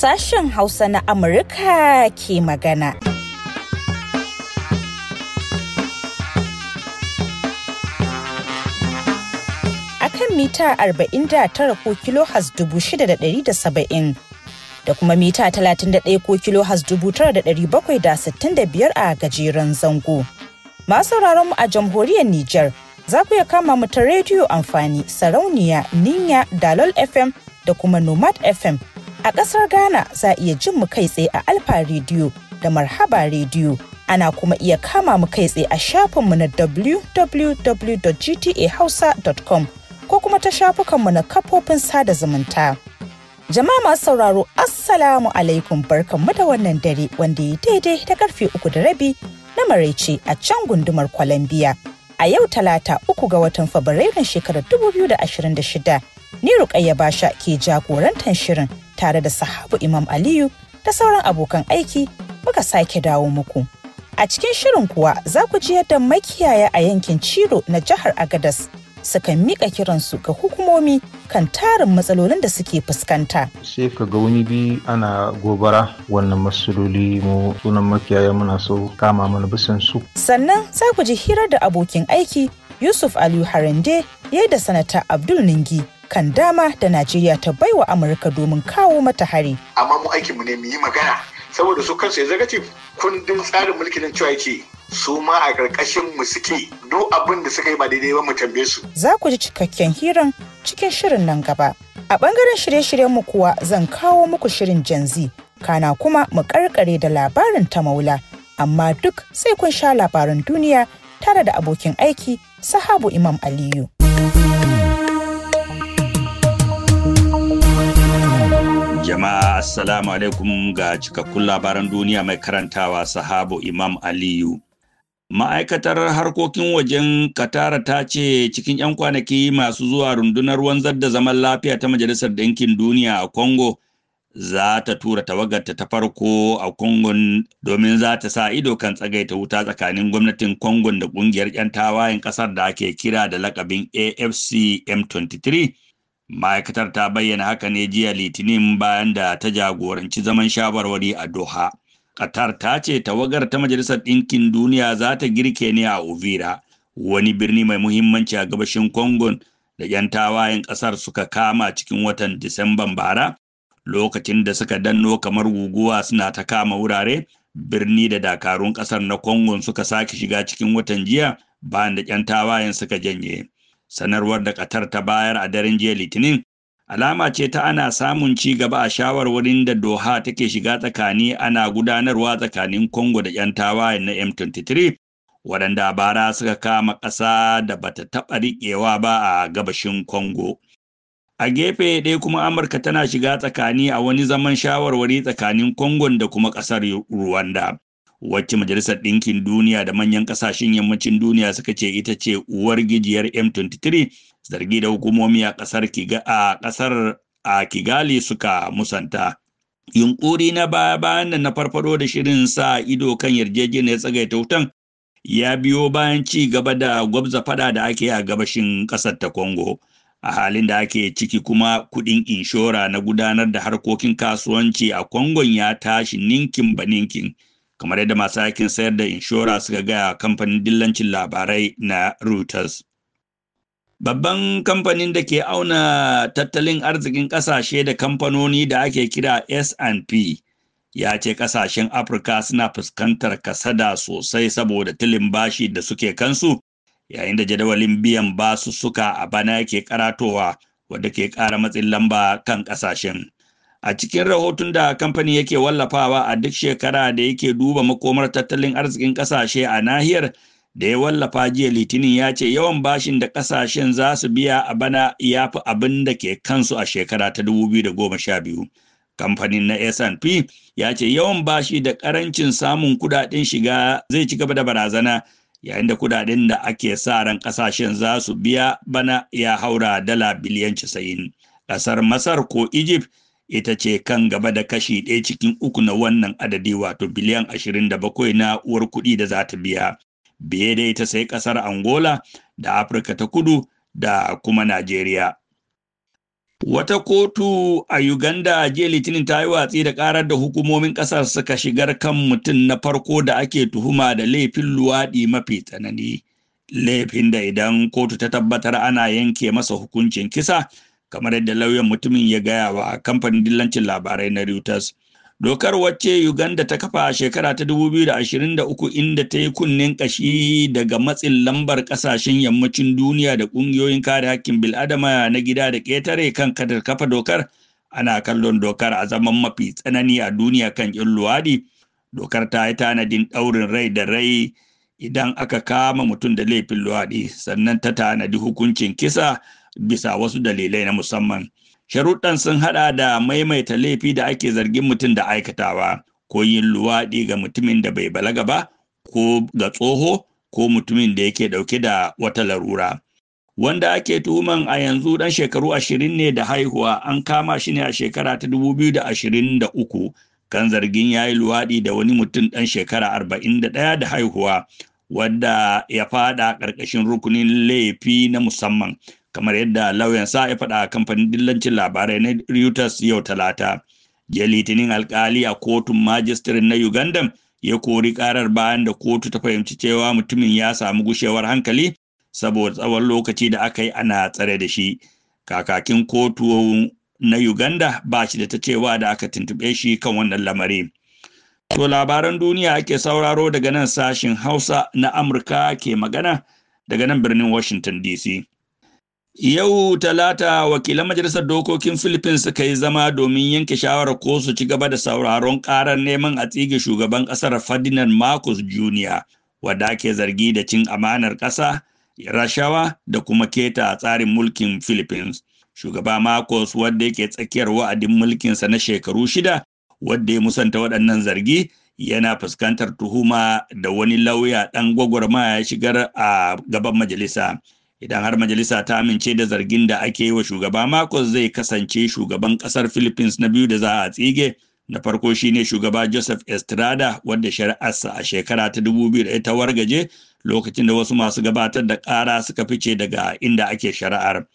sashen Hausa na Amurka ke magana. Akan mita 49 ko kilo dubu shida da kuma mita 31 ko kilo da biyar a gajeren zango. Masu mu a jamhuriyar Nijar za ku iya kama mu ta rediyo amfani sarauniya, ninya, dalol FM da kuma nomad FM A ƙasar Ghana za a iya jin mu kai tsaye a Alfa Radio da Marhaba Radio. Ana kuma iya kama mu kai tsaye a shafinmu na www.gtahausa.com ko kuma ta shafukanmu na kafofin sada zumunta. Jama'a masu sauraro Assalamu alaikum barkanmu da wannan dare wanda ya daidai da karfe uku da rabi na maraice a can gundumar kwalambiya a yau talata uku ga watan fabrairun shekarar 2026 ni rukayya basha ke jagorantar shirin tare da sahabu Imam Aliyu da sauran abokan aiki muka sake dawo muku. A cikin shirin kuwa za ku ji yadda makiyaya a yankin Ciro na jihar Agadas suka mika kiransu ga hukumomi kan tarin matsalolin da suke fuskanta. Sai ka ga wani bi ana gobara wannan matsaloli mu sunan makiyaya muna so kama mana bisan su. Sannan za ku ji hirar da abokin aiki Yusuf Aliyu Harande yayi da sanata Abdul Ningi kan dama da Najeriya ta baiwa Amurka domin kawo mata hari. Amma mu aikinmu ne mu yi magana saboda su kansu ya ce kundin tsarin mulkin nan cewa yake su ma a ƙarƙashin mu suke duk abin da suka yi ba daidai ba mu tambaye su. Za ku ji cikakken hiran cikin shirin nan gaba. A ɓangaren shirye-shiryen mu kuwa zan kawo muku shirin janzi kana kuma mu ƙarƙare da labarin ta maula amma duk sai kun sha labaran duniya tare da abokin aiki sahabu Imam Aliyu. Jama'a Assalamu alaikum ga cikakkun labaran duniya mai karantawa sahabo Imam Aliyu. Ma'aikatar harkokin wajen Katara ta ce cikin 'yan kwanaki masu zuwa rundunar wanzar da zaman lafiya ta Majalisar Dankin Duniya a Congo za ta tura tawagarta ta farko a Congo domin za ta sa ido kan tsagaita wuta tsakanin gwamnatin Congo da ƙungiyar 'yan tawayen ƙasar da ake kira da lakabin AFC M23. ma'aikatar ta bayyana haka ne jiya litinin bayan da ta jagoranci zaman shawarwari a doha qatar ta ce tawagar ta majalisar ɗinkin duniya za ta girke ne a uvira wani birni mai muhimmanci a gabashin congon da 'yan tawayen ƙasar suka kama cikin watan disamban bara lokacin da suka danno kamar guguwa suna ta kama wurare birni da dakarun ƙasar na kongon suka sake shiga cikin watan jiya bayan da 'yan tawayen suka janye Sanarwar da Qatar ta bayar a daren jiya Litinin alama ce ta ana samun ci gaba a shawarwarin da Doha take shiga tsakani ana gudanarwa tsakanin Congo da 'yan tawayen na M23 wadanda bara suka kama ƙasa da bata taɓa riƙewa ba a gabashin Congo. A gefe ɗaya kuma Amurka tana shiga tsakani a wani zaman shawarwari tsakanin Congo da kuma ƙasar Rwanda. wacce majalisar ɗinkin duniya da manyan ƙasashen yammacin duniya suka ce ita ce uwar gijiyar m23 zargi da hukumomi a ƙasar a kigali suka musanta yunƙuri na baya bayan nan na farfado da shirin sa ido kan yarjejeniyar tsagaita wutan ya biyo bayan ci gaba da gwabza fada da ake a gabashin ƙasar ta Congo. A halin da ake ciki kuma kuɗin inshora na gudanar da harkokin kasuwanci a Congo ya tashi ninkin ba ninkin kamar yadda masu aikin sayar da inshora suka gaya kamfanin dillancin labarai na Reuters. Babban kamfanin da ke auna tattalin arzikin ƙasashe da kamfanoni da ake kira S&P ya ce ƙasashen Afirka suna fuskantar kasada sosai saboda tilin bashi da suke kansu yayin da jadawalin biyan basu suka a bana yake karatowa wadda ke ƙara matsin lamba kan ƙasashen. A cikin rahoton da kamfanin yake wallafawa a duk shekara da yake duba makomar tattalin arzikin ƙasashe a nahiyar da ya wallafa jiya litinin ya ce yawan bashin da ƙasashen za su biya a bana ya fi abin da ke kansu a shekara ta 2012. Kamfanin na S&P ya ce yawan bashi da ƙarancin samun kudaden shiga zai ci gaba da barazana yayin da kudaden da ake sa ran ƙasashen za su biya bana ya haura dala biliyan 90. Ƙasar Masar ko Egypt ita ce kan gaba da kashi ɗaya cikin uku na wannan adadi wato biliyan ashirin da bakwai na uwar kuɗi da za ta biya biye da ita sai ƙasar angola da afirka ta kudu da kuma najeriya Wata kotu a Uganda jiya Litinin ta yi watsi da ƙarar da hukumomin ƙasar suka shigar kan mutum na farko da ake tuhuma da laifin luwaɗi mafi tsanani. Laifin da idan kotu ta tabbatar ana yanke masa hukuncin kisa kamar yadda lauyan mutumin ya gaya wa kamfanin dillancin labarai na Reuters. Dokar wacce Uganda ta kafa a shekara ta 2023 inda ta yi kunnen kashi daga matsin lambar kasashen yammacin duniya da ƙungiyoyin kare hakkin bil'adama na gida da ƙetare kan kadar kafa dokar ana kallon dokar a zaman mafi tsanani a duniya kan ƙin luwadi. Dokar ta yi tanadin ɗaurin rai da rai idan aka kama mutum da laifin luwaɗi sannan ta tanadi hukuncin kisa bisa wasu dalilai na musamman. Sharuɗan sun haɗa da maimaita laifi da ake zargin mutum da aikatawa, ko yin luwaɗi ga mutumin da bai balaga ba, ko ga tsoho, ko mutumin da yake ɗauke da wata larura. Wanda ake tuhuman a yanzu ɗan shekaru ashirin ne da haihuwa an kama shi ne a shekara ta dubu biyu da ashirin da uku kan zargin ya yi luwaɗi da wani mutum ɗan shekara arba'in da ɗaya da haihuwa wanda ya faɗa ƙarƙashin rukunin laifi na musamman. kamar yadda lauyan sa ya faɗa a kamfanin dillancin labarai na Reuters yau talata. Jiya litinin alkali a kotun majistirin na Uganda ya kori karar bayan da kotu ta fahimci cewa mutumin ya samu gushewar hankali saboda tsawon lokaci da aka yi ana tsare da shi. Kakakin kotu na Uganda ba shi da ta cewa da aka tuntuɓe shi kan wannan lamari. To labaran duniya ake sauraro daga nan sashin Hausa na Amurka ke magana daga nan birnin Washington DC. Yau Talata wakilan Majalisar Dokokin Philippines suka yi zama domin yanke shawarar ko su ci gaba da sauraron karar neman a tsige shugaban ƙasar Ferdinand Marcos Jr. wadda ke zargi da cin amanar ƙasa, rashawa da kuma keta tsarin mulkin Philippines. Shugaba Marcos wadda yake tsakiyar wa'adin mulkinsa na shekaru shida wadda ya musanta waɗannan zargi yana fuskantar tuhuma da wani lauya ɗan gwagwarmaya ya shigar a gaban majalisa. idan har majalisa ta amince da zargin da ake yi wa shugaba Marcos zai kasance shugaban kasar Philippines na biyu da za a tsige na farko shine shugaba Joseph Estrada wadda shari'arsa a shekara ta 2000 ta wargaje lokacin da wasu masu gabatar da ƙara suka fice daga inda ake shari'ar.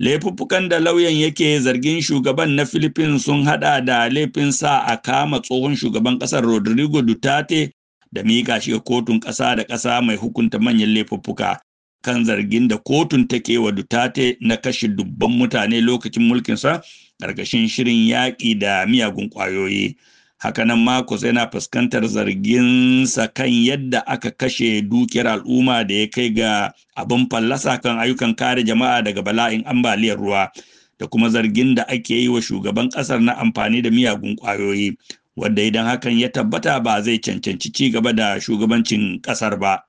Laifuffukan da lauyan yake zargin shugaban na Philippines sun hada da laifin sa a kama tsohon shugaban kasar Rodrigo Duterte da miƙa shi kotun ƙasa da ƙasa mai hukunta manyan laifuffuka. kan zargin da kotun take wa Dutate na kashe dubban mutane lokacin mulkinsa ƙarƙashin shirin yaƙi da miyagun ƙwayoyi. Hakanan Marcos yana fuskantar zarginsa kan yadda aka kashe dukiyar al'umma da ya kai ga abin fallasa kan ayyukan kare jama'a daga bala'in ambaliyar ruwa da kuma zargin da ake yi wa shugaban ƙasar na amfani da miyagun ƙwayoyi, wanda idan hakan ya tabbata ba zai cancanci ci gaba da shugabancin ƙasar ba.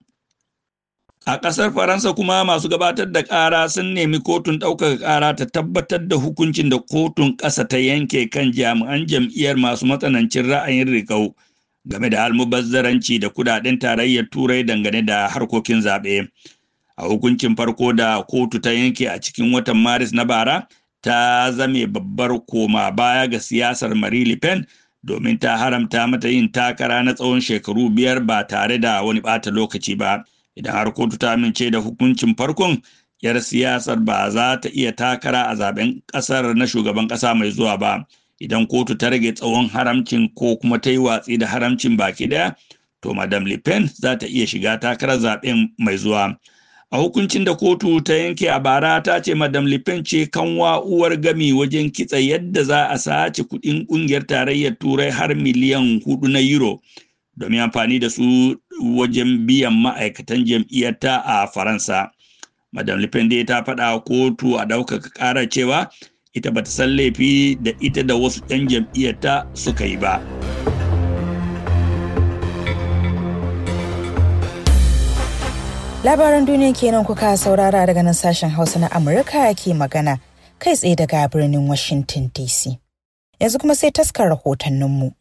A ƙasar Faransa kuma masu gabatar da ƙara sun nemi kotun ɗaukaka ƙara ta tabbatar da hukuncin da kotun ƙasa ta yanke kan jami'an jam'iyyar masu matsanancin ra'ayin rikau game da almubazzaranci da kudaden tarayyar turai dangane da harkokin zaɓe. A hukuncin farko da kotu ta yanke a cikin watan Maris na bara ta zame babbar koma baya ga siyasar Marie Le Pen domin ta haramta mata yin takara na tsawon shekaru biyar ba tare da wani ɓata lokaci ba. idan har kotu ta amince da hukuncin farkon yar siyasar ba za ta iya takara a zaben kasar na shugaban kasa mai zuwa ba idan kotu ta rage tsawon haramcin ko kuma ta yi watsi da haramcin baki daya to madam le pen za ta iya shiga takarar zaben mai zuwa a hukuncin da kotu ta yanke a bara ta ce madam le pen ce kanwa uwar gami wajen kitsa yadda za a sace kudin kungiyar tarayyar turai har miliyan hudu na euro domin amfani da su wajen biyan ma'aikatan jam'iyyarta a faransa madam le pen ta faɗa kotu a ɗaukaka ƙara cewa ita bata san laifi da ita da wasu 'yan jam'iyyarta suka yi ba labaran duniya kenan kuka saurara daga nan sashen hausa na amurka ke magana kai tsaye daga birnin washington dc yanzu kuma sai taskar rahotanninmu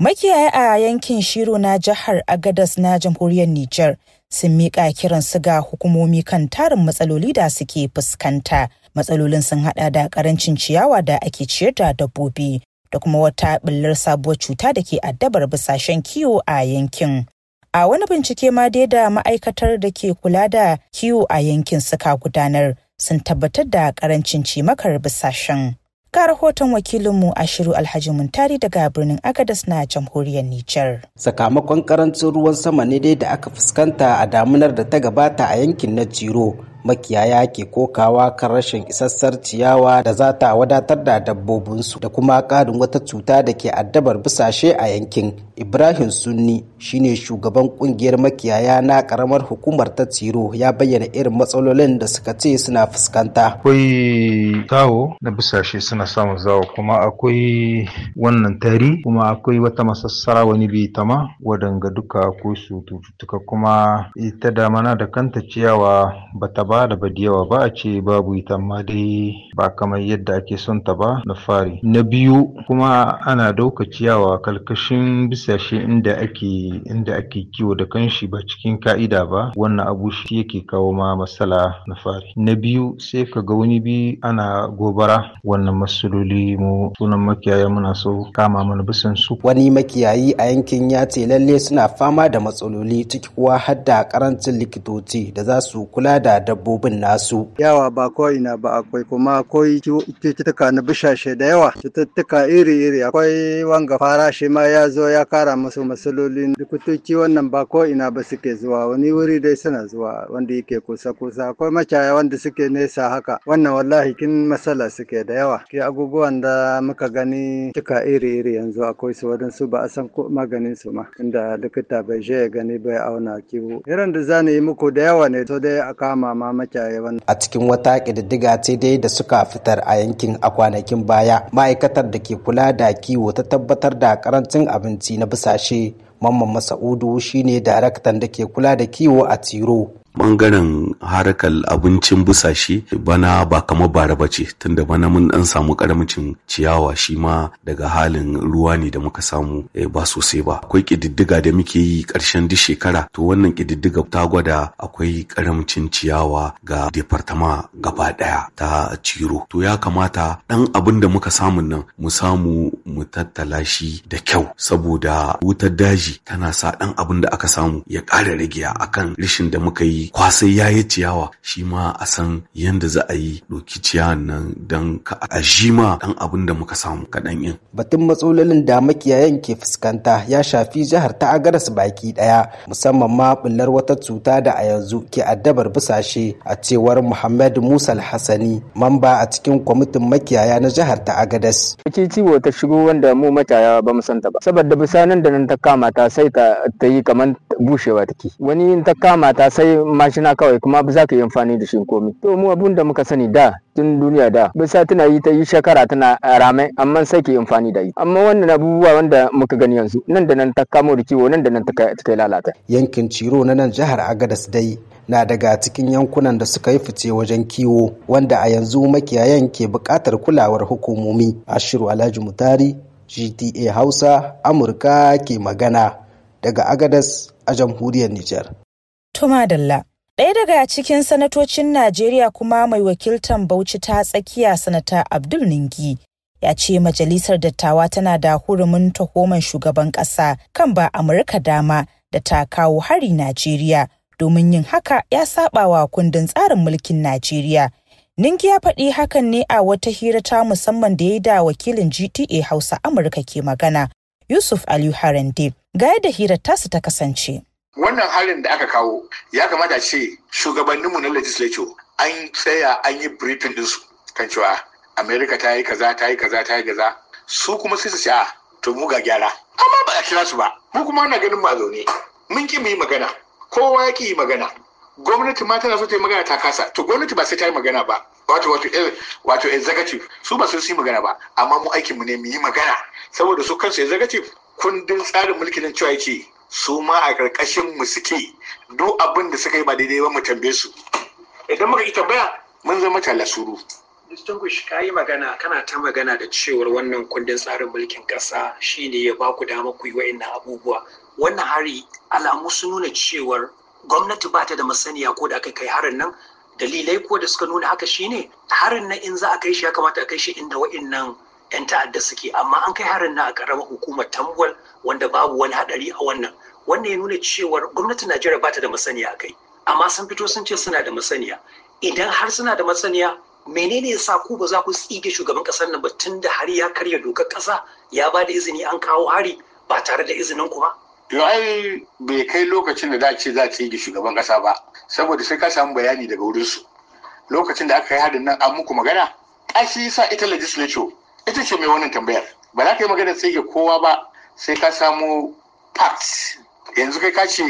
Makiyaya a yankin Shiro na jihar Agadas na jamhuriyar Nijar sun miƙa kiran su ga hukumomi kan tarin matsaloli da suke fuskanta. Matsalolin sun haɗa da ƙarancin ciyawa da ake ciyar da dabbobi da kuma wata ɓillar sabuwar cuta da ke addabar bisashen kiwo a yankin. A wani bincike ma dai da ma'aikatar da ke kula da kiwo a yankin suka gudanar sun tabbatar da ƙarancin cimakar bisashen. Ga rahoton wakilinmu a shiru Alhaji Muntari daga birnin Agadas na jamhuriyar Nijar. Sakamakon karancin ruwan sama ne dai da aka fuskanta a damunar da ta gabata a yankin na Jiro. Makiyaya ke kokawa kan rashin isassar ciyawa da za ta wadatar da dabbobinsu da kuma ƙarin wata cuta da ke addabar bisashe a yankin ibrahim sunni shine shugaban kungiyar makiyaya na karamar hukumar ta tsiro ya bayyana irin matsalolin da suka ce suna fuskanta akwai tawo na bisashe suna samun zawo kuma akwai wannan tari kuma akwai wata masassara wani ta ma wadanga duka ko su cututtuka kuma ita mana da kanta ciyawa ba ta ba da badiyawa ba a ce babu ita ma dai ba kamar yadda ake son ta ba na fari na biyu kuma ana dauka ciyawa kalkashin bisa sa shi inda ake inda ake kiwo da kanshi ba cikin ka'ida ba wannan abu shi yake kawo ma matsala na fari na biyu sai ka ga wani bi ana gobara wannan matsaloli mu sunan makiyaya muna so kama mana bisan su wani makiyayi a yankin ya ce lalle suna fama da matsaloli ciki kuwa har da karancin likitoci da za su kula da dabbobin nasu yawa ba kawai ina ba akwai kuma akwai cututtuka na bishashe da yawa cututtuka iri-iri akwai wanga fara shi ma ya zo ya ƙara masu matsalolin likitoci wannan ba ko ina ba suke zuwa wani wuri dai suna zuwa wanda yake kusa kusa akwai macaya wanda suke nesa haka wannan wallahi kin matsala suke da yawa ke abubuwan da muka gani duka iri iri yanzu akwai su su ba a san ko maganin su ma inda likita bai je ya gani bai auna kiwo irin da zani yi muku da yawa ne to dai a kama ma macaya wannan a cikin wata kididdiga ce dai da suka fitar a yankin a kwanakin baya ma'aikatar da ke kula da kiwo ta tabbatar da karancin abinci na bisashe mamman masa'udu shine daraktan da ke kula da kiwo a tiro bangaren harkar abincin busashe bana ba kama bara ba ce tunda bana mun dan samu karamcin ciyawa shi ma daga halin ruwa ne da muka samu eh, ba sosai ba akwai kididdiga da muke yi karshen duk shekara to wannan kididdiga ta gwada akwai karamcin ciyawa ga departama gaba daya ta ciro to ya kamata dan abin da muka samu nan mu samu mu tattala shi da kyau saboda wutar daji tana sa dan abin da aka samu ya ƙara rigiya akan rishin da muka yi kwasai ya yi ciyawa shi ma a san yadda za a yi ɗauki ciyawan nan don ka a shi ma ɗan abin da muka samu kaɗan yin. Batun matsalolin da makiyayan ke fuskanta ya shafi jihar ta Agadas baki ɗaya musamman ma bullar wata cuta da a yanzu ke addabar busashe a cewar Muhammad Musa Hassani mamba a cikin kwamitin makiyaya na jihar ta Agadas. Ci ciwo ta shigo wanda mu makiyaya ba mu santa ba saboda bisanin da nan ta kama ta sai ta yi kamar bushewa take wani ta kama ta sai mashina kawai kuma ba za ka yi amfani da shi komi to mu abun da muka sani da tun duniya da bisa tana yi ta yi shekara tana rame amma sai ke amfani da ita amma wannan abubuwa wanda muka gani yanzu nan da nan ta kamo da kiwo nan da nan ta kai lalata yankin ciro na nan jihar agadas dai na daga cikin yankunan da suka yi fice wajen kiwo wanda a yanzu makiyayan ke buƙatar kulawar hukumomi ashiru alhaji mutari gta hausa amurka ke magana daga agadas a jamhuriyar nijar Tuma Dalla. Ɗaya daga cikin sanatocin Najeriya kuma mai wakiltan Bauchi ta tsakiya sanata Abdul Ningi ya ce majalisar dattawa tana da hurumin tahoman shugaban ƙasa kan ba Amurka dama da ta kawo hari Najeriya domin yin haka ya saɓawa kundin tsarin mulkin Najeriya. Ningi ya faɗi hakan ne a wata hira ta musamman da ya da wakilin GTA Hausa Amurka ke magana Yusuf Aliyu Harande ga yadda hira tasu ta kasance. wannan harin da aka kawo ya kamata ce shugabanninmu na legislature an tsaya an yi briefing su. kan cewa america ta yi kaza ta yi kaza ta yi kaza su kuma sai su ce a ah, to mu ga gyara amma ba a kira su ba mu kuma ana ganin ba zaune mun ki mu yi magana kowa ya yi magana gwamnati ma tana so ta yi magana ta kasa to gwamnati ba sai ta yi magana ba wato wato eh, wato executive su ba su yi magana ba amma mu aikin mu ne mu yi magana saboda su kansu executive kundin tsarin mulkin nan cewa yake su ma a ƙarƙashin mu suke duk abin da suka yi ba daidai ba mu tambaye su idan muka yi tambaya mun zama talasuru distinguish ka yi magana kana ta magana da cewar wannan kundin tsarin mulkin ƙasa shine ya ba ku dama ku yi wa'in abubuwa wannan hari alamu sun nuna cewar gwamnati ba ta da masaniya ko da aka kai harin nan dalilai ko da suka nuna haka shine harin nan in za a kai shi ya kamata a kai shi inda nan? 'yan ta'adda suke amma an kai harin na a karamar hukumar tambuwal wanda babu wani hadari a wannan wannan ya nuna cewar gwamnatin najeriya ba ta da masaniya a kai amma sun fito sun ce suna da masaniya idan har suna da masaniya menene yasa ku ba za ku tsige shugaban kasar nan ba tun da har ya karya dokar kasa ya ba da izini an kawo hari ba tare da izinin ku ba to ai bai kai lokacin da za ce za ta yi shugaban kasa ba saboda sai ka samu bayani daga wurinsu lokacin da aka yi harin nan an muku magana ai shi sa ita legislature ita ce mai wannan tambayar ba za ka yi magana sai ga kowa ba sai ka samu facts yanzu kai ka ce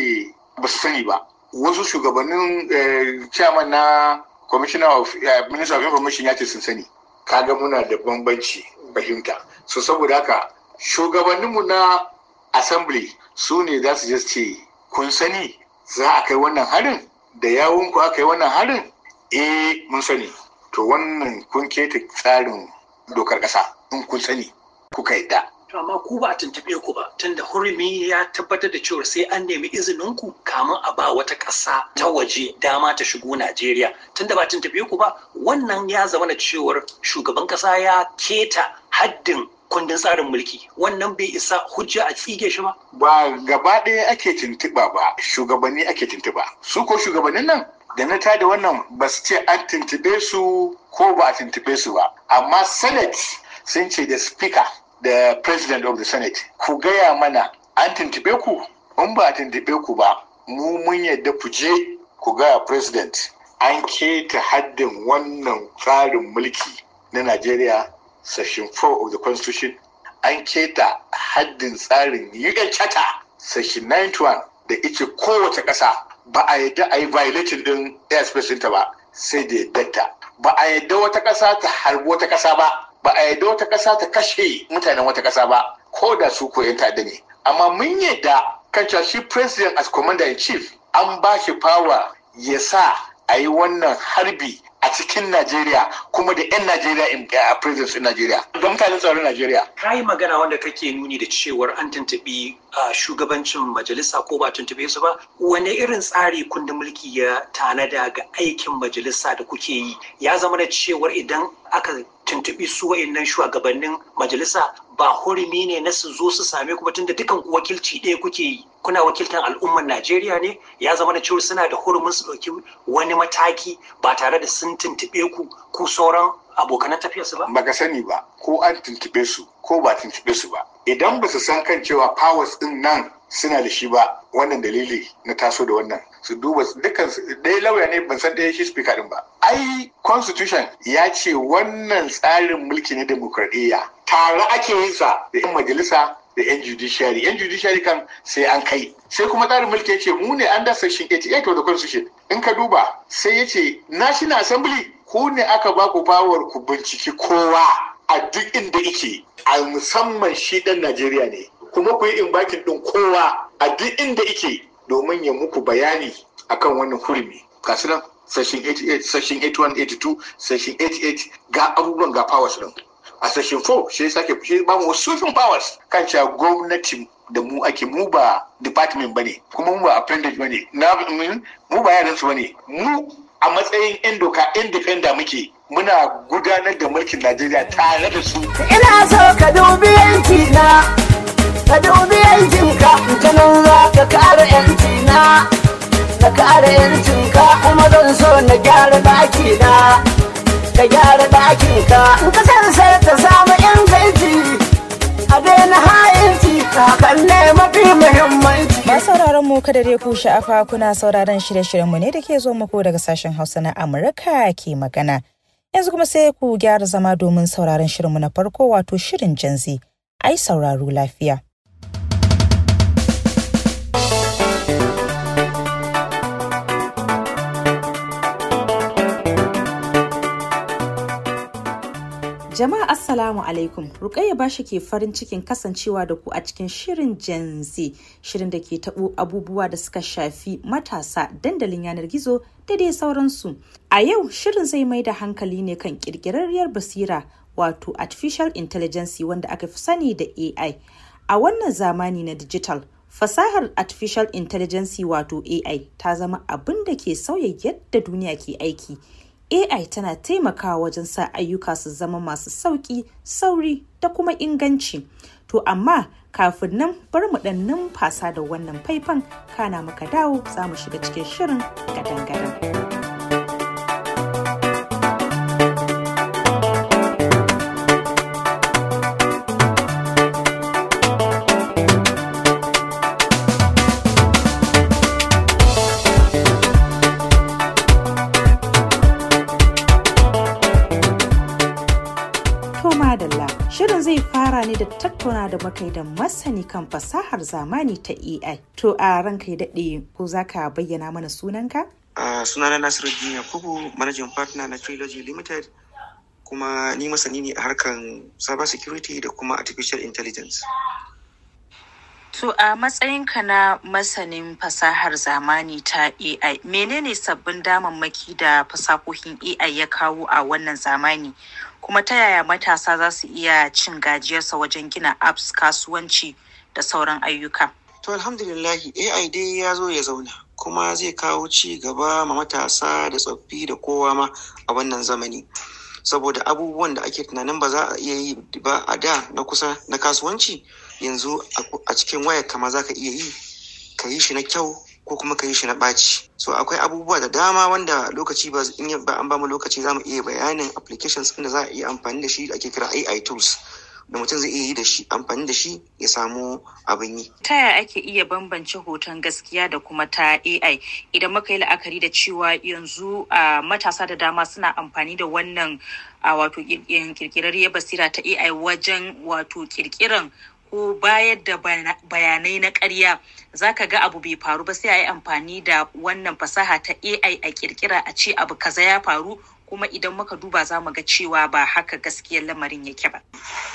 ba su sani ba wasu shugabannin eh, chairman na commissioner of eh, minister of information ya ce sun sani kaga muna da bambanci fahimta so saboda haka shugabanninmu na assembly su ne za su ce kun sani za a kai wannan harin da yawunku aka yi wannan harin eh mun sani to wannan kun keta tsarin dokar ƙasa in kun sani kuka yadda. To amma ku ba a tuntuɓe ku ba tunda hurumi ya tabbatar da cewa sai an nemi izinin ku kamun a ba wata ƙasa ta waje dama ta shigo Najeriya tunda ba tuntuɓe ku ba wannan ya zama na cewar shugaban ƙasa ya keta haddin kundin tsarin mulki wannan bai isa hujja a tsige shi ba. Ba gaba ɗaya ake tuntuɓa ba shugabanni ake tuntuɓa su ko shugabannin nan da na tada wannan ba su ce an tuntube su ko ba a tuntube su ba amma senate sun ce da speaker da president of the senate ku gaya mana an tuntube ku in ba a tuntube ku ba mu mun yadda ku je ku gaya president an keta haddin wannan tsarin mulki na Najeriya section 4 of the constitution an keta haddin tsarin yiga chata section 91 da ita kowace ƙasa ba a yadda a yi violating din airspace ta ba sai da yadda ba a yadda wata kasa ta harbi wata kasa ba ba a yadda wata kasa ta kashe mutanen wata kasa ba ko da su ko yan ta'adda ne amma mun yadda kan cewa shi president as commander in chief an ba shi power ya sa a yi wannan harbi a cikin Najeriya kuma da 'yan Najeriya in a presence in Najeriya Don mutane tsaron Najeriya. Ka yi magana wanda kake nuni da cewar an tuntuɓi A shugabancin majalisa ko ba tuntube su ba wani irin tsari kundin mulki ya tanada ga aikin majalisa da kuke yi ya zama da cewar idan aka tuntubi su wa'annan shugabannin majalisa ba hurumi ne na su zo su same ku tunda dukan wakilci ɗaya kuke yi kuna wakiltar al'ummar Najeriya ne ya zama da cewa suna da hurumin su ɗauki wani mataki ba tare da sun tuntube ku ku sauran abokanan tafiyar su ba baka sani ba ko an tuntube su ko ba tuntube su ba idan ba su san kan cewa powers din nan suna da shi ba wannan dalili na taso da wannan su duba dukkan ɗaya lauya ne ban san ɗaya shi speaker din ba ai constitution ya ce wannan tsarin mulki na demokradiyya tare ake yin sa da yan majalisa da yan judiciary yan judiciary kan sai an kai sai kuma tsarin mulki ya ce mu ne an da section 88 of the constitution in ka duba sai ya ce national assembly ku ne aka ba ku power ku binciki kowa a duk inda yake a musamman shi dan Najeriya ne kuma ku yi bakin ɗin kowa a duk inda ike domin ya muku bayani akan wannan hurumi ga su nan session 88 session 81 82 session 88 ga abubuwan ga powers din a session 4 shi sake shi ba mu wasu sufin powers kan cewa gwamnati da mu ake mu ba department bane kuma mu ba appendage bane na mm, mu ba yaran su bane mu a matsayin yan doka independent muke muna gudanar da mulkin Najeriya tare da su ina so ka dubi yanki na ka dubi yankinka ta nan za ka kare yanci na kare yancinka kuma zan so na gyara daki ka gyara dakinka ka san sai ta samu inganci a daina hayanci, kakan ne mafi muhimmanci ba sauraron mu kada dai ku sha'afa kuna sauraron shirye-shiryenmu ne da ke zo muku daga sashen hausa na amurka ke magana yanzu kuma sai ku gyara zama domin sauraron shirinmu na farko wato shirin janzi ai sauraro lafiya Jama'a Assalamu alaikum Rukayya shi ke farin cikin kasancewa da ku a cikin shirin Gen Z shirin da ke tabo abubuwa da suka shafi matasa dandalin yanar gizo da dai sauransu. A yau shirin zai mai da hankali ne kan kirkirarriyar basira wato artificial intelligence wanda aka fi sani da AI. A wannan zamani na digital fasahar artificial intelligence wato AI ta zama abin da ke sauya yadda duniya ke aiki. AI tana taimakawa wajen sa ayyuka su zama masu sauƙi, sauri da kuma inganci. To amma kafin nan bar mu ɗan numfasa da wannan faifan kana muka dawo za mu shiga cikin shirin gadan-gadan. amfani da tattauna da makai da masani kan fasahar zamani ta AI. To a ranka ya daɗe ko za ka bayyana mana sunanka? Uh, Nasiru jiya, Kubu managing partner na Trilogy Limited, kuma ni masani ne a harkar cyber security da kuma artificial intelligence. To a matsayinka na masanin fasahar zamani ta AI, menene sabbin damammaki da fasahohin AI ya kawo a wannan zamani? Kuma ta yaya matasa za su iya cin gajiyarsa wajen gina apps, kasuwanci da sauran ayyuka? To alhamdulillahi AI dai ya zo ya zauna kuma zai kawo ci gaba ma matasa da tsoffi da kowa ma a wannan zamani. Saboda abubuwan da ake tunanin ba za a iya yi ba a da na kusa na kasuwanci. yanzu a cikin waya kama za ka iya yi ka yi shi na kyau ko kuma ka yi shi na ɓaci so akwai abubuwa da dama wanda lokaci ba in ba an bamu lokaci za mu iya bayanin applications inda za a iya amfani da shi ake kira AI tools da mutum zai iya yi da shi amfani da shi ya samu abin yi. Ta yaya ake iya bambance hoton gaskiya da kuma ta AI idan muka yi la'akari da cewa yanzu matasa da dama suna amfani da wannan wato ya basira ta AI wajen wato kirkiran ko bayar da bayanai na ƙarya za ka ga abu bai faru ba sai a yi amfani da wannan fasaha ta ai a kirkira a ce abu kaza ya faru kuma idan muka duba za mu ga cewa ba haka gaskiyar lamarin yake ba.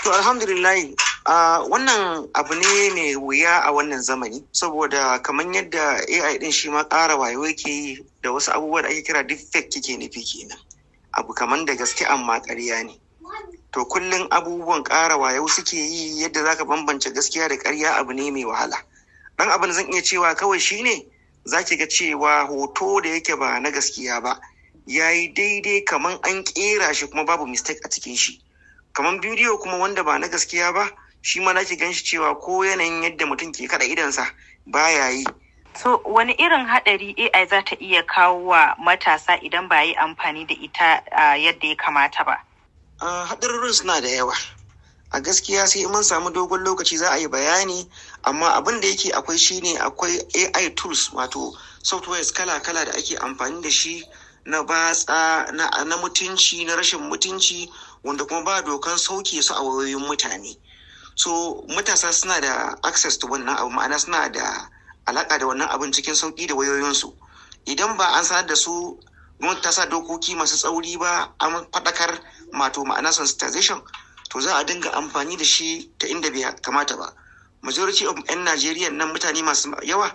To alhamdulillah uh, wannan abu ne mai wuya a wannan zamani saboda kamar yadda AI din shi ma ƙara wayo yake yi da wasu abubuwa da ake kira deepfake kike nufi kenan. Abu kamar da gaske amma ƙarya ne. to kullum abubuwan ƙara wayau suke yi yadda zaka bambance gaskiya da ƙarya abu ne mai wahala dan abin zan iya cewa kawai shine zaki ga cewa hoto da yake ba na gaskiya ba yayi daidai kaman an ƙera shi kuma babu mistake a cikin shi kaman bidiyo kuma wanda ba na gaskiya ba shi ma zaki ganshi cewa ko yanayin yadda mutum ke kada ba baya yi So wani irin haɗari AI za ta iya kawo wa matasa idan ba yi amfani da ita uh, yadda ya kamata ba? haɗarurrun suna da yawa a gaskiya sai mun samu dogon lokaci za a yi bayani amma abin da yake akwai shine akwai ai tools wato softwares kala-kala da ake amfani da shi na batsa na mutunci na rashin mutunci wanda kuma ba dokan sauke su a wayoyin mutane so matasa suna da access to wannan abu ma'ana suna da alaka da wannan abin cikin sauki da wayoyinsu idan ba an sanar da su mun ta sa dokoki masu tsauri ba an faɗakar mato ma'ana sensitization to za a dinga amfani da shi ta inda bai kamata ba majority of 'yan najeriya nan mutane masu yawa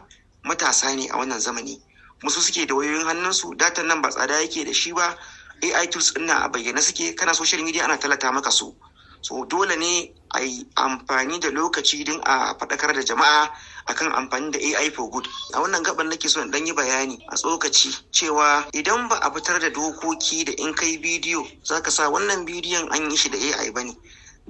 matasa ne a wannan zamani musu suke da wayoyin hannunsu datan nan ba tsada yake da shi ba ai tools ɗin a bayyana suke kana social media ana talata maka su so dole ne a yi amfani da lokaci din a faɗakar da jama'a akan amfani da AI for good a wannan gaban nake so in dan yi bayani a tsokaci cewa idan ba a fitar da dokoki da in kai bidiyo zaka sa wannan bidiyon an yi shi da AI ne.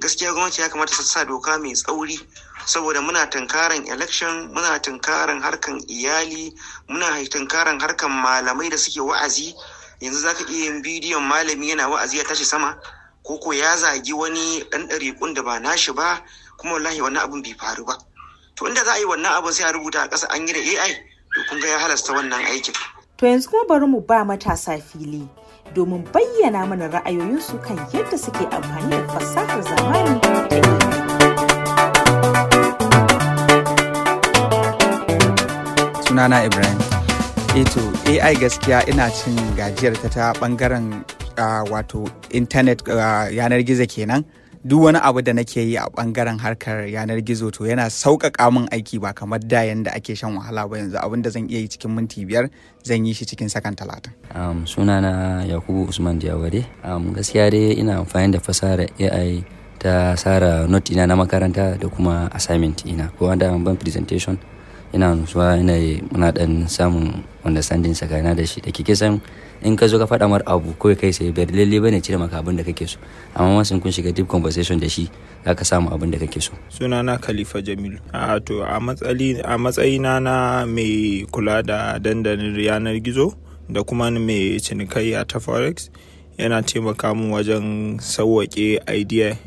gaskiya gwamnati ya kamata su sa doka mai tsauri saboda muna tunkaran election muna tunkaran harkan iyali muna tunkaran harkan malamai da suke wa'azi yanzu zaka iya yin bidiyon malami yana wa'azi ya tashi sama ko ya zagi wani ɗan ɗariƙun da ba nashi ba kuma wallahi wani abin bai faru ba to inda za a yi wannan abin sai a rubuta a ƙasa an yi da AI to kun ga ya halasta wannan aikin to yanzu kuma bari mu ba matasa fili domin bayyana mana ra'ayoyinsu kan yadda suke amfani da fasahar zamani sunana ibrahim eto eh ai gaskiya ina cin gajiyar ta ta bangaren ah, wato intanet ah, yanar gizo kenan duk wani abu da nake yi a bangaren harkar yanar gizo to yana sauƙaƙa min aiki ba kamar da yanda ake shan wahala ba yanzu abin da zan iya yi cikin minti biyar zan yi shi cikin sakan talatin. Um, na Yakubu Usman Diawade. gaskiya dai ina amfani da fasara, AI ta tsara not ina na makaranta da kuma assignment ina ko wanda ban presentation ina nutsuwa ina muna dan samun understanding tsakanin da shi da kike san in ka zo ka faɗa mar abu kawai kai sai bai lalle bane cire maka abin da kake so amma ma sun kun shiga deep conversation da shi za ka samu abin da kake so sunana khalifa jamilu a to a matsayina na mai kula da dandalin yanar gizo da kuma mai cinikayya ta forex yana taimaka min wajen sauwaƙe idea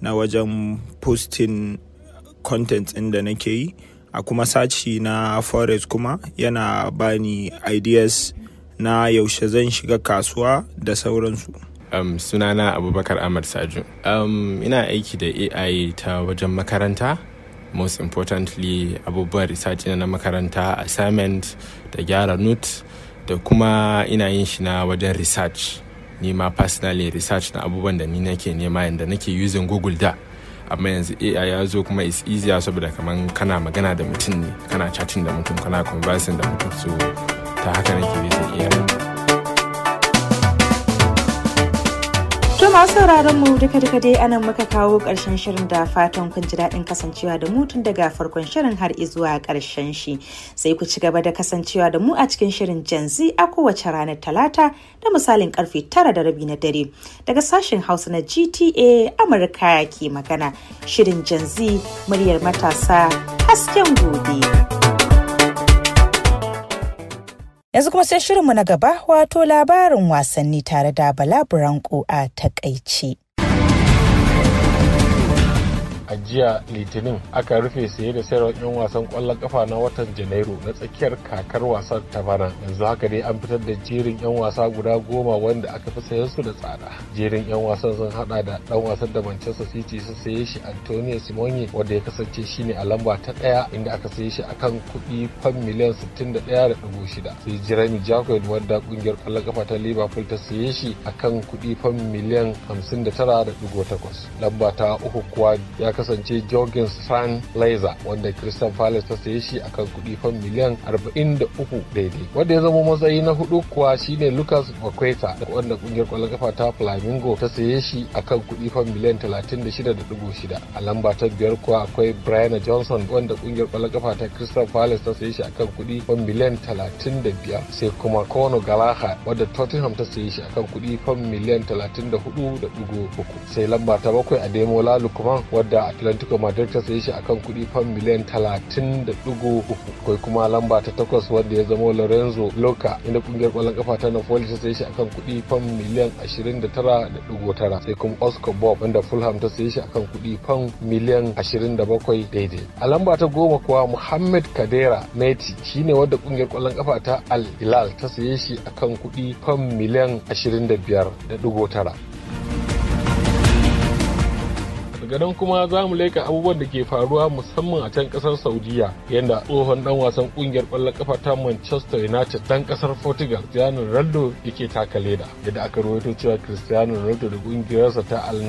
na wajen posting content ɗin da nake yi a kuma saci na forex kuma yana bani ideas na yaushe zan shiga kasuwa da sauransu. Um, sunana abubakar ahmad saju um, ina aiki da ai ta wajen makaranta most importantly abubuwan research na makaranta assignment da gyara note da kuma ina yin shi na wajen research ni ma personally research na abubuwan da ni nake nema yadda nake using google da amma yanzu ai ya zo kuma is easier saboda kamar kana magana da mutum ne kana chatting da mutum kana conversing da mutum so ta haka nake iyalin To masu sauraron mu duka duka dai anan muka kawo ƙarshen shirin da fatan kun ji daɗin kasancewa da mu tun daga farkon shirin har zuwa ƙarshen shi. Sai ku ci gaba da kasancewa da mu a cikin shirin janzi a kowace ranar talata da misalin karfe tara da rabi na dare. Daga sashen Hausa na GTA Amurka ke magana shirin janzi muryar matasa hasken gobe. Yanzu kuma sai shirinmu na gaba wato labarin wasanni tare da Bala a takaice. a jiya litinin aka rufe saye da sayarwar 'yan wasan kwallon kafa na watan janairu na tsakiyar kakar wasan ta bana yanzu haka dai an fitar da jerin 'yan wasa guda goma wanda aka fi sayan su da tsada jerin 'yan wasan sun hada da dan wasan da manchester city su saye shi antonio simoni wanda ya kasance shine a lamba ta daya inda aka saye shi akan kuɗi kwan miliyan 61.6 sai jeremy jacquard wanda kungiyar kwallon kafa ta liverpool ta saye shi akan kuɗi kwan miliyan 59.8 lamba ta uku kuwa ya kasance Jorgen San laser wanda Crystal Palace ta saye shi a kan kuɗi fan miliyan 43 daidai. Wanda ya zama matsayi na hudu kuwa shine Lucas Paqueta wanda kungiyar kwallon kafa ta Flamingo ta saye shi a kan kuɗi fan miliyan 36.6. A lamba ta biyar kuwa akwai Brian Johnson wanda kungiyar kwallon kafa ta Crystal Palace ta saye shi a kan kuɗi fan miliyan 35 sai kuma Conor galaha wanda Tottenham ta saye shi a kan kuɗi fan miliyan 34.3 sai lamba ta bakwai demola Lukman wadda da atlantico madrid ta sayi shi akan kuɗi fam miliyan 30.3 kai kuma lamba ta takwas wanda ya zama lorenzo loka inda kungiyar kwallon kafa ta napoli ta sayi shi akan kuɗi fam miliyan 29.9 sai kuma oscar bob wanda fulham ta sayi shi akan kuɗi fam miliyan 27 daidai a lamba ta goma kuwa muhammad kadera meti shine wanda kungiyar kwallon kafa ta al hilal ta sayi shi akan kuɗi fam miliyan 25.9 daga kuma za mu leka abubuwan da ke faruwa musamman a can kasar saudiya yadda tsohon dan wasan kungiyar kwallon kafa ta manchester united dan kasar portugal cristiano ronaldo yake taka leda yadda aka rawaito cewa cristiano ronaldo da kungiyarsa ta al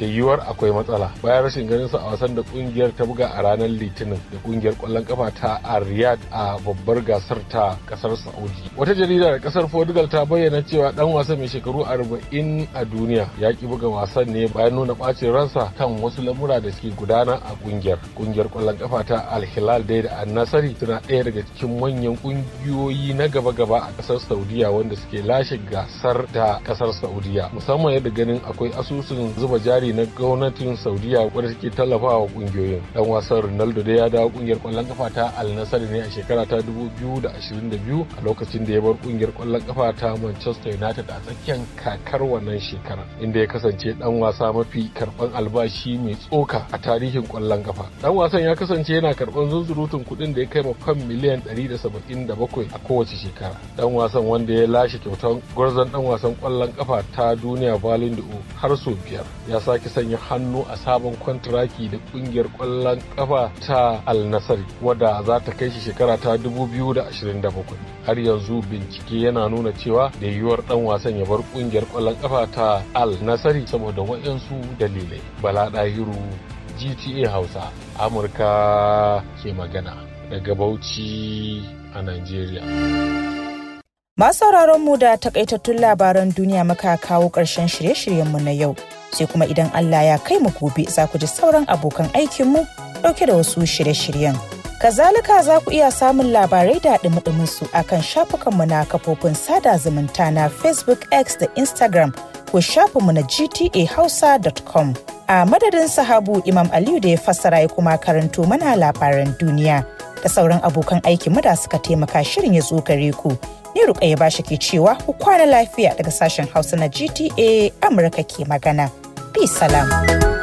da yiwuwar akwai matsala bayan rashin ganin sa a wasan da kungiyar ta buga a ranar litinin da kungiyar kwallon kafa ta Ariad a babbar gasar ta kasar saudi wata jarida da kasar portugal ta bayyana cewa dan wasan mai shekaru arba'in a duniya ya ki buga wasan ne bayan nuna bacin ransa kan wasu lamura da suke gudana a kungiyar kungiyar kwallon kafa ta al dai da an nasari suna ɗaya daga cikin manyan kungiyoyi na gaba-gaba a kasar saudiya wanda suke lashe gasar da kasar saudiya musamman yadda ganin akwai asusun zuba jari na gwamnatin saudiya wanda suke tallafawa kungiyoyin dan wasan ronaldo da ya dawo kungiyar kwallon kafa ta al ne a shekara ta biyu a lokacin da ya bar kungiyar kwallon kafa ta manchester united a tsakiyar kakar wannan shekara inda ya kasance dan wasa mafi karban albashi ciniki mai tsoka a tarihin kwallon kafa dan wasan ya kasance yana karban zunzurutun kuɗin da ya kai mafan miliyan 177 a kowace shekara dan wasan wanda ya lashe kyautar gwarzon dan wasan kwallon kafa ta duniya Ballon d'Or har sau biyar ya sake sanya hannu a sabon kwantiraki da kungiyar kwallon kafa ta Al Nassr wadda za ta kai shi shekara ta 2027 har yanzu bincike yana nuna cewa da yiwuwar dan wasan ya bar kungiyar kwallon kafa ta Al nasari saboda waɗansu dalilai bala Ɗahiru GTA Hausa Amurka ke magana daga Bauchi a Najeriya. Masu mu da takaitattun labaran duniya muka kawo ƙarshen shirye-shiryenmu na yau. Sai kuma idan Allah ya kai mu gobe za ku ji sauran abokan aikinmu ɗauke da wasu shirye-shiryen. Kazalika za ku iya samun labarai da ɗumi su a kan shafukanmu na kafofin sada zumunta na Facebook, X da Instagram ko mu na gtahausa.com. A madadin sahabu Imam Aliyu da ya fassara ya kuma karanto mana labaran duniya da sauran abokan aikin mu da suka taimaka shirin ya zo gare ku. Ni Rukayya bashi ke cewa ku kwana lafiya daga sashen Hausa na GTA Amurka ke magana. Peace salam.